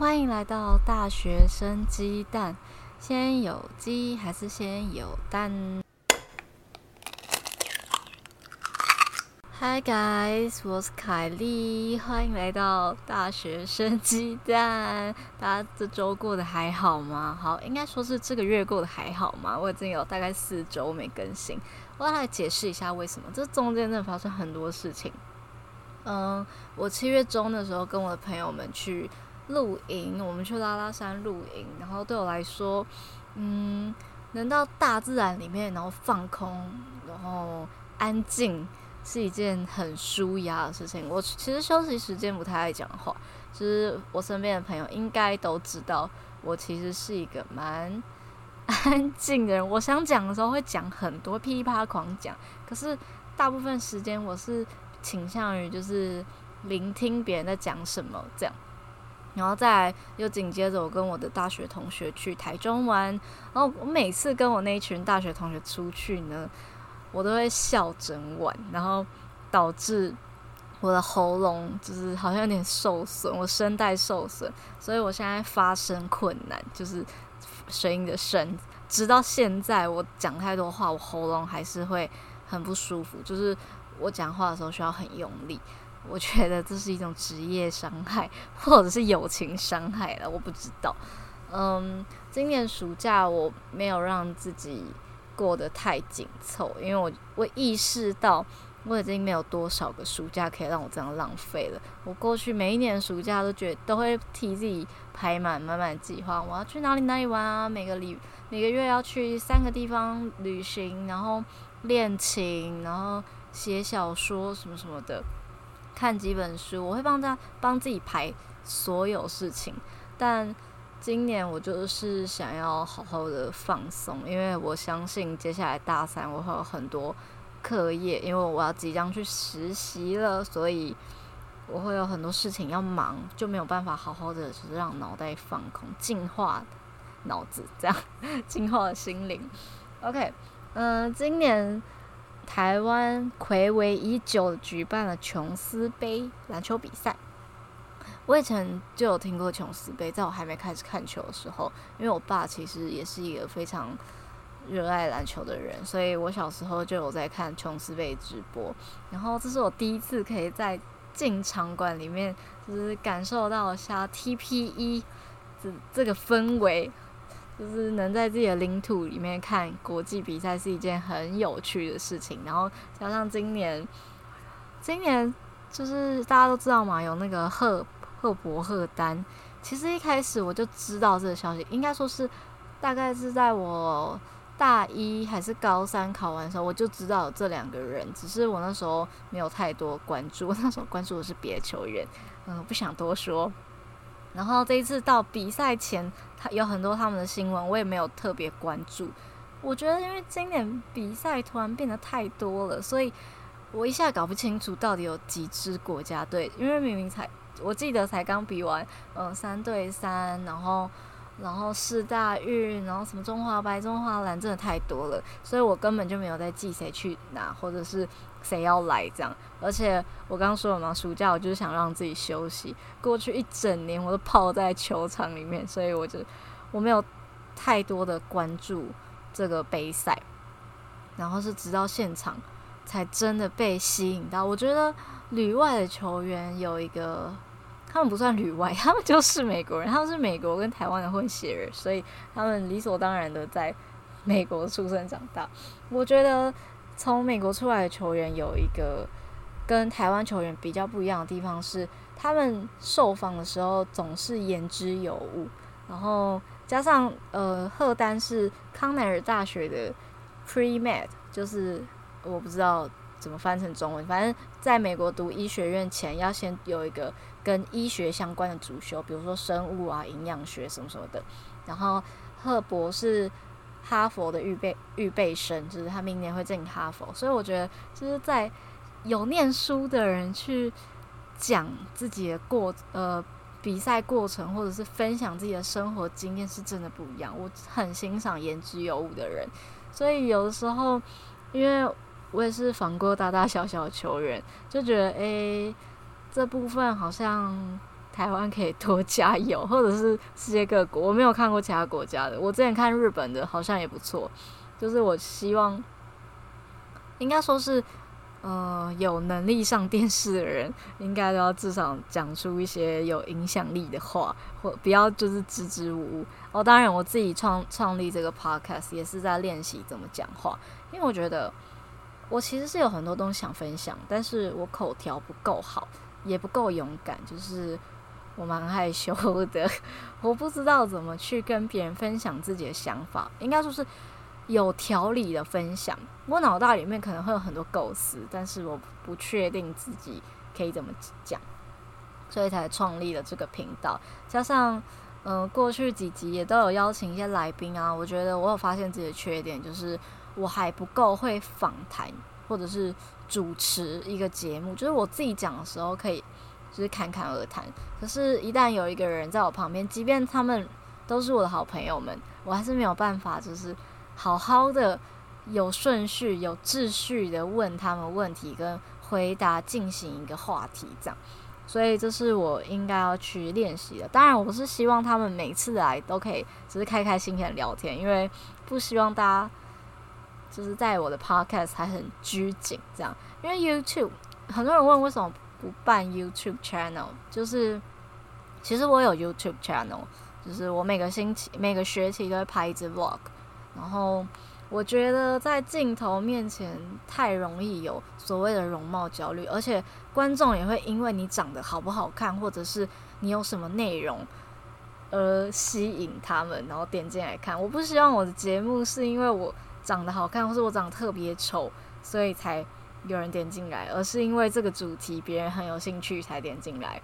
歡迎來到大學生雞蛋，先有雞還是先有蛋？Hi guys，我是凱莉，歡迎來到大學生雞蛋。大家這周過得還好嗎？好，應該說是這個月過得還好嗎？我已經有大概四周沒更新，我要來解釋一下為什麼，這中間真的發生很多事情。嗯，我七月中的時候跟我的朋友們去露營，我們去拉拉山露營。然後對我來說，嗯，能到大自然裡面，然後放空，然後安靜，是一件很舒壓的事情。我其實休息時間不太愛講話，就是我身邊的朋友應該都知道，我其實是一個蠻安靜的人。我想講的時候會講很多，噼啪狂講。可是大部分時間，我是傾向於就是聆聽別人在講什麼這樣。然後再來又緊接着，我跟我的大學同學去台中玩。然後我每次跟我那一群大學同學出去呢，我都會笑整晚，然後導致我的喉嚨就是好像有點受損，我聲帶受損，所以我現在發聲困難，就是聲音的聲，直到現在我講太多話，我喉嚨還是會很不舒服，就是我講話的時候需要很用力。我覺得這是一種職業傷害，或者是友情傷害了，我不知道。嗯，今年暑假我沒有讓自己過得太緊湊，因為我我意識到我已經沒有多少個暑假可以讓我這樣浪費了。我過去每一年暑假都覺得都會替自己排滿滿滿的計劃，我要去哪裡哪裡玩啊？每個禮每個月要去三個地方旅行，然後練琴，然後寫小說什麼什麼的。看幾本書，我會幫他幫自己排所有事情。但今年我就是想要好好的放鬆，因為我相信接下來大三我會有很多課業，因為我要即將去實習了，所以我會有很多事情要忙，就沒有辦法好好的就是讓腦袋放空，淨化腦子，這樣淨化心靈。OK，嗯、呃，今年。台灣睽違已久，舉辦了瓊斯盃籃球比賽，我以前就有聽過瓊斯盃，在我還沒開始看球的時候，因為我爸其實也是一個非常熱愛籃球的人，所以我小時候就有在看瓊斯盃直播，然後這是我第一次可以在進場館裡面，就是感受到一下 TPE 這這個氛圍。就是能在自己的領土裡面看國際比賽是一件很有趣的事情。然後加上今年，今年就是大家都知道嘛，有那個赫赫伯赫丹。其實一開始我就知道這個消息，應該說是大概是在我大一還是高三考完的時候，我就知道有這兩個人。只是我那時候沒有太多關注，我那時候關注的是別的球員。嗯，不想多說。然後這一次到比賽前，他有很多他們的新聞，我也沒有特別關注。我覺得因為今年比賽突然變得太多了，所以我一下搞不清楚到底有幾支國家隊，因為明明才我記得才剛比完，嗯，三對三，然後。然後世大運，然後什麼中華白、中華藍，真的太多了，所以我根本就沒有在記誰去拿或者是誰要來這樣。而且我剛剛說了嘛，暑假我就是想讓自己休息，過去一整年我都泡在球場裡面，所以我就我沒有太多的關注這個杯賽，然後是直到現場才真的被吸引到。我覺得旅外的球員有一個。他們不算旅外，他們就是美國人，他們是美國跟台灣的混血兒，所以他們理所當然的在美國出生長大。我覺得從美國出來的球員有一個跟台灣球員比較不一樣的地方是，他們受訪的時候總是言之有物。然後加上呃，赫丹是康奈爾大學的 pre-med，就是我不知道。怎麼翻成中文？反正在美國讀醫學院前，要先有一個跟醫學相關的主修，比如說生物啊、營養學什麼什麼的。然後赫伯是哈佛的預備預備生，就是他明年會進哈佛。所以我覺得，就是在有念書的人去講自己的過呃比賽過程，或者是分享自己的生活經驗，是真的不一樣。我很欣賞言之有物的人，所以有的時候因為。我也是訪過大大小小球員，就覺得哎，這部分好像台灣可以多加油，或者是世界各國，我沒有看過其他國家的。我之前看日本的，好像也不錯。就是我希望，應該說是，呃，有能力上電視的人，應該都要至少講出一些有影響力的話，或不要就是支支吾吾。哦，當然我自己創創立這個 podcast 也是在練習怎麼講話，因為我覺得。我其實是有很多東西想分享，但是我口條不夠好，也不夠勇敢，就是我蠻害羞的，我不知道怎麼去跟別人分享自己的想法，應該說是有條理的分享。我腦袋裡面可能會有很多構思，但是我不確定自己可以怎麼講，所以才創立了這個頻道。加上，嗯、呃，過去幾集也都有邀請一些來賓啊，我覺得我有發現自己的缺點，就是。我還不夠會訪談，或者是主持一個節目，就是我自己講的時候可以，就是侃侃而談。可是，一旦有一個人在我旁邊，即便他們都是我的好朋友們，我還是沒有辦法，就是好好的有順序、有秩序的問他們問題跟回答，進行一個話題這樣。所以，這是我應該要去練習的。當然，我是希望他們每次來都可以只是開開心心的聊天，因為不希望大家。就是在我的 podcast 還很拘謹這樣，因為 YouTube 很多人問為什麼不辦 YouTube channel，就是其實我有 YouTube channel，就是我每個星期每個學期都會拍一支 vlog，然後我覺得在鏡頭面前太容易有所謂的容貌焦慮，而且觀眾也會因為你長得好不好看，或者是你有什麼內容而吸引他們，然後點進來看。我不希望我的節目是因為我。長得好看，或是我長得特別醜，所以才有人點進來，而是因為這個主題別人很有興趣才點進來。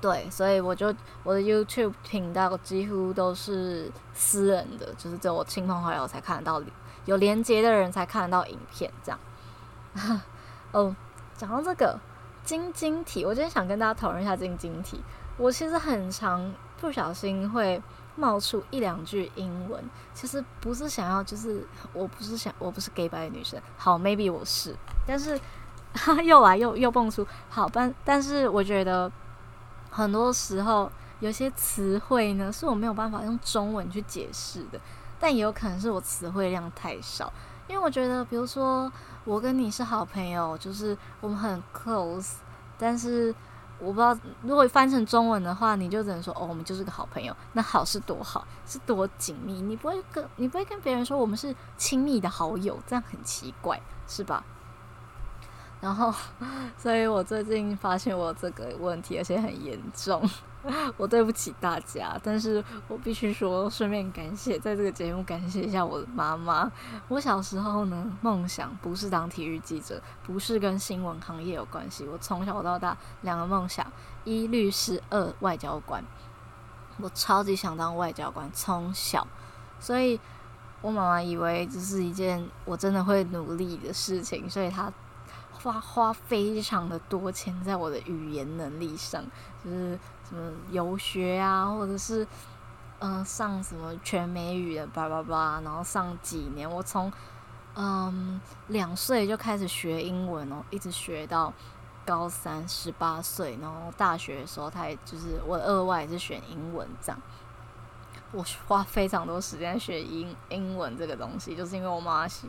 對，所以我就我的 YouTube 頻道幾乎都是私人的，就是只有我親朋好友才看得到，有連接的人才看得到影片這樣。哦，講到這個晶晶體，我今天想跟大家討論一下這個晶晶體。我其實很常不小心會。冒出一兩句英文，其實不是想要，就是我不是想我不是 gay by 的女生，好 maybe 我是，但是哈哈，又來又又蹦出，好，但但是我覺得很多時候有些詞彙呢，是我沒有辦法用中文去解釋的，但也有可能是我詞彙量太少，因為我覺得，比如說我跟你是好朋友，就是我們很 close，但是。我不知道，如果翻成中文的話，你就只能說“哦，我們就是個好朋友”，那好是多好，是多緊密，你不會跟你不會跟別人說我們是親密的好友，這樣很奇怪，是吧？然後，所以我最近發現我這個問題，而且很嚴重。我對不起大家，但是我必須說，順便感謝在這個節目感謝一下我的媽媽。我小時候呢，夢想不是當體育記者，不是跟新聞行業有關係。我從小到大兩個夢想：一律師，二外交官。我超級想當外交官，從小，所以我媽媽以為這是一件我真的會努力的事情，所以她花花非常的多錢在我的語言能力上，就是什麼遊學啊，或者是嗯、呃、上什麼全美語的吧吧吧，然後上幾年。我從嗯、呃、兩歲就開始學英文哦，一直學到高三十八歲，然後大學的時候，他也就是我的二外也是選英文這樣。我花非常多時間學英英文這個東西，就是因為我媽是。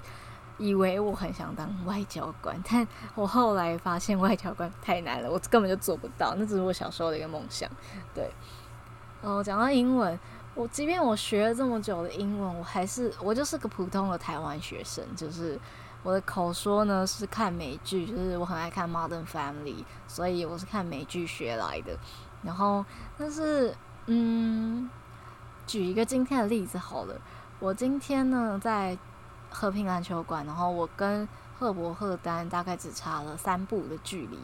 以為我很想當外交官，但我後來發現外交官太難了，我根本就做不到。那只是我小時候的一個夢想。對，哦，講到英文，我即便我學了這麼久的英文，我還是我就是個普通的台灣學生。就是我的口說呢是看美劇，就是我很愛看《Modern Family》，所以我是看美劇學來的。然後，但是，嗯，舉一個今天的例子好了，我今天呢在。和平籃球館，然後我跟赫伯·赫丹大概只差了三步的距離，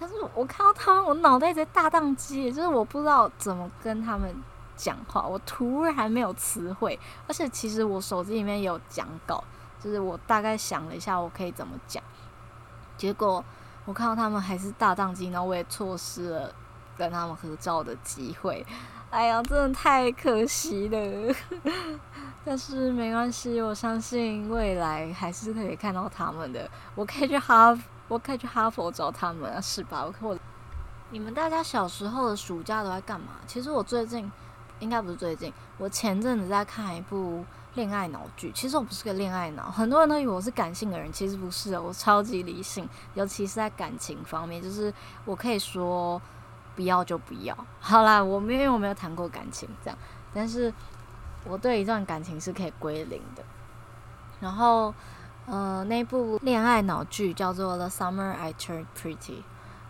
但是我看到他們，我腦袋在大宕機，就是我不知道怎麼跟他們講話，我突然沒有詞彙，而且其實我手機裡面有講稿，就是我大概想了一下，我可以怎麼講，結果我看到他們還是大宕機，然後我也錯失了。跟他們合照的機會，哎呀，真的太可惜了。 但是沒關係，我相信未來還是可以看到他們的。我可以去哈，我可以去哈佛找他們啊，是吧？我可……我你們大家小時候的暑假都在幹嘛？其實我最近，應該不是最近，我前陣子在看一部戀愛腦劇。其實我不是個戀愛腦，很多人都以為我是感性的人，其實不是，我超級理性，尤其是在感情方面，就是我可以說。不要就不要，好啦，我沒有我沒有談過感情這樣，但是我對一段感情是可以歸零的。然後，呃，那部戀愛腦劇叫做《The Summer I Turned Pretty》，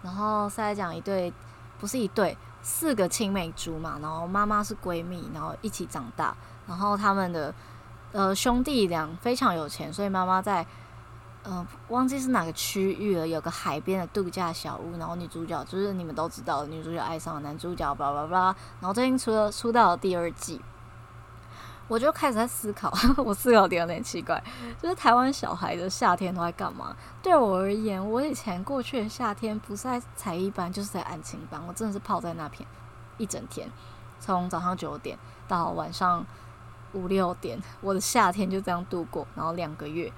然後是在講一對，不是一對，四個青梅竹馬，然後媽媽是閨蜜，然後一起長大，然後他們的呃兄弟倆非常有錢，所以媽媽在。嗯、呃，忘記是哪個區域了，有個海邊的度假小屋，然後女主角就是你們都知道，女主角愛上了男主角，叭叭叭。然後最近出了出道的第二季，我就開始在思考，呵呵我思考點有點奇怪，就是台灣小孩的夏天都在幹嘛？對我而言，我以前過去的夏天不是在才藝班就是在安親班，我真的是泡在那片一整天，從早上九點到晚上五六點，我的夏天就這樣度過，然後兩個月。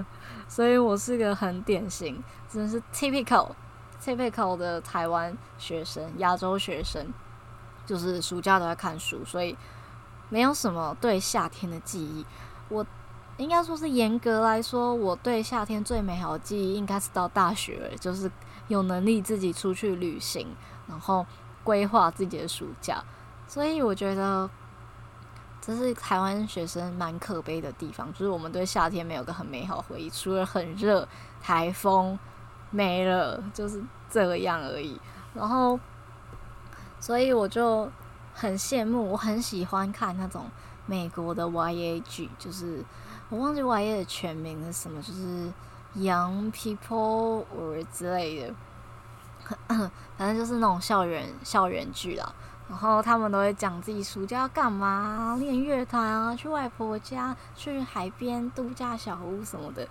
所以，我是個很典型，真的是 typical，typical typical 的台灣學生，亞洲學生，就是暑假都在看書，所以沒有什麼對夏天的記憶。我應該說是嚴格來說，我對夏天最美好的記憶，應該是到大學，就是有能力自己出去旅行，然後規劃自己的暑假。所以，我覺得。這是台灣學生蠻可悲的地方，就是我們對夏天沒有個很美好回憶，除了很熱、台風沒了，就是這樣而已。然後，所以我就很羨慕，我很喜歡看那種美國的 YA 劇，就是我忘記 YA 的全名是什麼，就是 Young People or 之類的，呵呵，反正就是那種校園校園劇啦。然後他們都會講自己暑假要幹嘛啊，練樂團啊，去外婆家，去海邊度假小屋什麼的。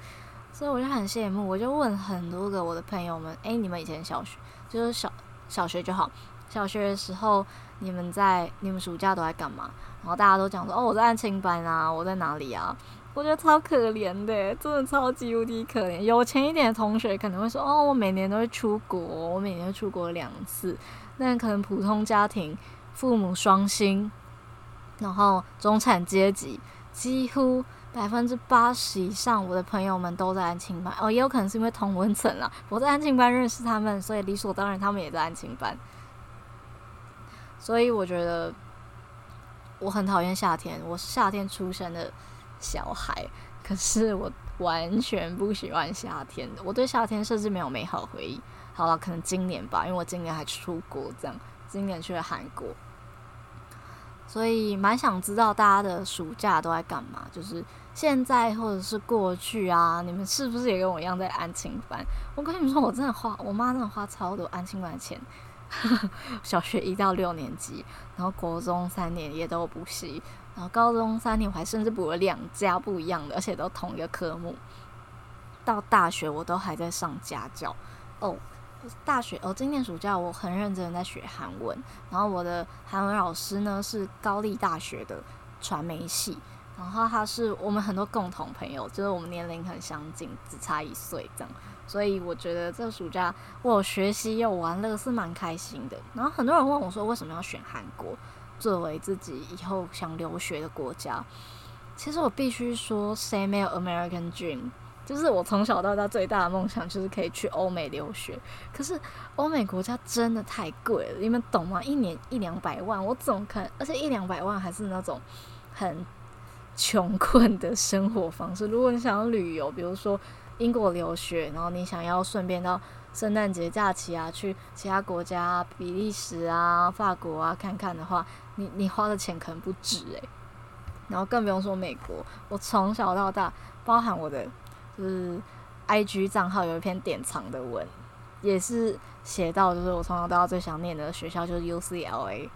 所以我就很羨慕，我就問很多個我的朋友們，哎，你們以前小學就是小小學就好，小學的時候你們在你們暑假都在幹嘛？然後大家都講說，哦，我在安親班啊，我在哪裡啊？我覺得超可憐的，真的超級無敵可憐。有錢一點的同學可能會說：“哦，我每年都會出國，我每年都出國兩次。”那可能普通家庭、父母雙薪，然後中產階級，幾乎百分之八十以上，我的朋友們都在安親班。哦，也有可能是因為同溫層啦。我在安親班認識他們，所以理所當然他們也在安親班。所以我覺得我很討厭夏天，我是夏天出生的。小孩，可是我完全不喜歡夏天的。我對夏天甚至沒有美好回憶。好了，可能今年吧，因為我今年還出國，這樣今年去了韓國，所以蠻想知道大家的暑假都在幹嘛，就是現在或者是過去啊，你們是不是也跟我一樣在安親班？我跟你們說，我真的花，我媽真的花超多安親班的錢， 小學一到六年級，然後國中三年也都有補習。然後高中三年，我還甚至補了兩家不一樣的，而且都同一個科目。到大學，我都還在上家教。哦，大學哦，今年暑假我很認真的在學韓文。然後我的韓文老師呢，是高麗大學的傳媒系，然後他是我們很多共同朋友，就是我們年齡很相近，只差一歲這樣。所以我覺得這個暑假我有學習又玩樂，是蠻開心的。然後很多人問我說，為什麼要選韓國？作為自己以後想留學的國家，其實我必須說，誰沒有 American Dream？就是我從小到大最大的夢想就是可以去歐美留學。可是歐美國家真的太貴了，你們懂嗎？一年一兩百萬，我怎麼可能？而且一兩百萬還是那種很窮困的生活方式。如果你想要旅遊，比如說英國留學，然後你想要順便到聖誕節假期啊，去其他國家啊，比利時啊、法國啊看看的話，你你花的錢可能不止欸。然後更不用說美國，我從小到大，包含我的就是 IG 賬號有一篇典藏的文，也是寫到就是我從小到大最想念的學校就是 UCLA，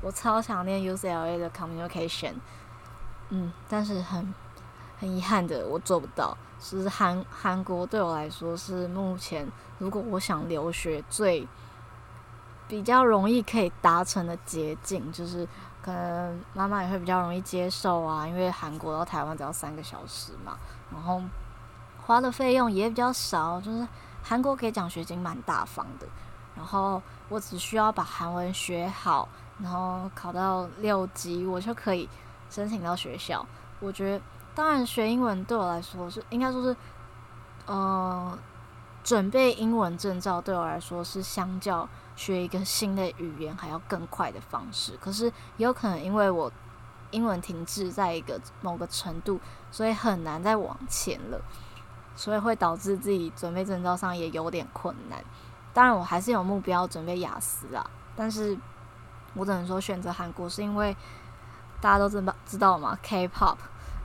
我超想念 UCLA 的 Communication，嗯，但是很很遺憾的，我做不到。就是韓韓國對我來說是目前如果我想留學最比較容易可以達成的捷徑，就是可能媽媽也會比較容易接受啊，因為韓國到台灣只要三個小時嘛，然後花的費用也比較少，就是韓國給獎學金蠻大方的，然後我只需要把韓文學好，然後考到六級，我就可以申請到學校。我覺得。當然，學英文對我來說是應該說是，呃，準備英文證照對我來說是相較學一個新的語言還要更快的方式。可是，也有可能因為我英文停滯在一個某個程度，所以很難再往前了，所以會導致自己準備證照上也有點困難。當然，我還是有目標準備雅思啊，但是我只能說選擇韓國是因為大家都知道知道嘛，K-pop。K-pop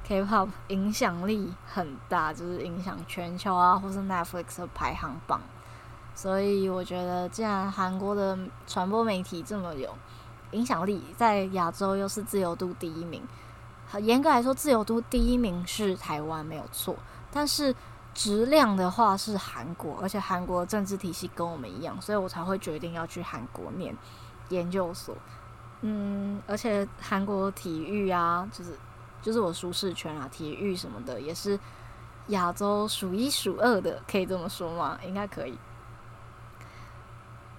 K-pop 影響力很大，就是影響全球啊，或是 Netflix 的排行榜。所以我覺得，既然韓國的傳播媒體這麼有影響力，在亞洲又是自由度第一名，好，嚴格來說，自由度第一名是台灣沒有錯，但是質量的話是韓國，而且韓國政治體系跟我們一樣，所以我才會決定要去韓國念研究所。嗯，而且韓國體育啊，就是。就是我舒適圈啊，體育什麼的也是亞洲數一數二的，可以這麼說嗎？應該可以。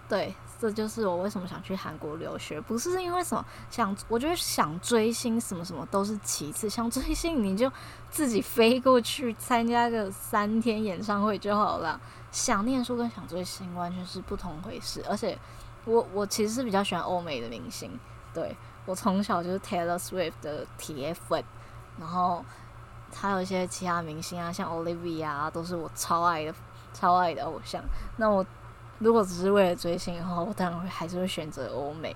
對，這就是我為什麼想去韓國留學，不是因為什麼想，我覺得想追星什麼什麼都是其次，想追星你就自己飛過去參加個三天演唱會就好了。想念書跟想追星完全是不同回事，而且我我其實是比較喜歡歐美的明星，對。我從小就是 Taylor Swift 的鐵粉，然後還有一些其他明星啊，像 Olivia 啊，都是我超愛的，超愛的偶像。那我如果只是為了追星的話，我當然會還是會選擇歐美。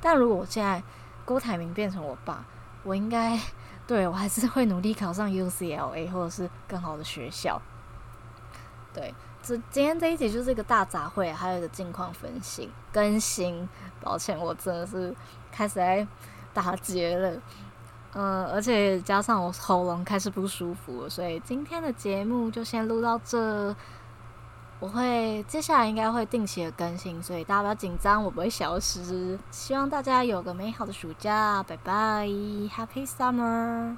但如果我現在郭台銘變成我爸，我應該，對，我還是會努力考上 UCLA 或者是更好的學校。對。這今天這一集就是一個大雜燴，還有一個近況分析更新。抱歉，我真的是開始在打結了，嗯，而且加上我喉嚨開始不舒服，所以今天的節目就先錄到這。我會接下來應該會定期的更新，所以大家不要緊張，我不會消失。希望大家有個美好的暑假，拜拜，Happy Summer！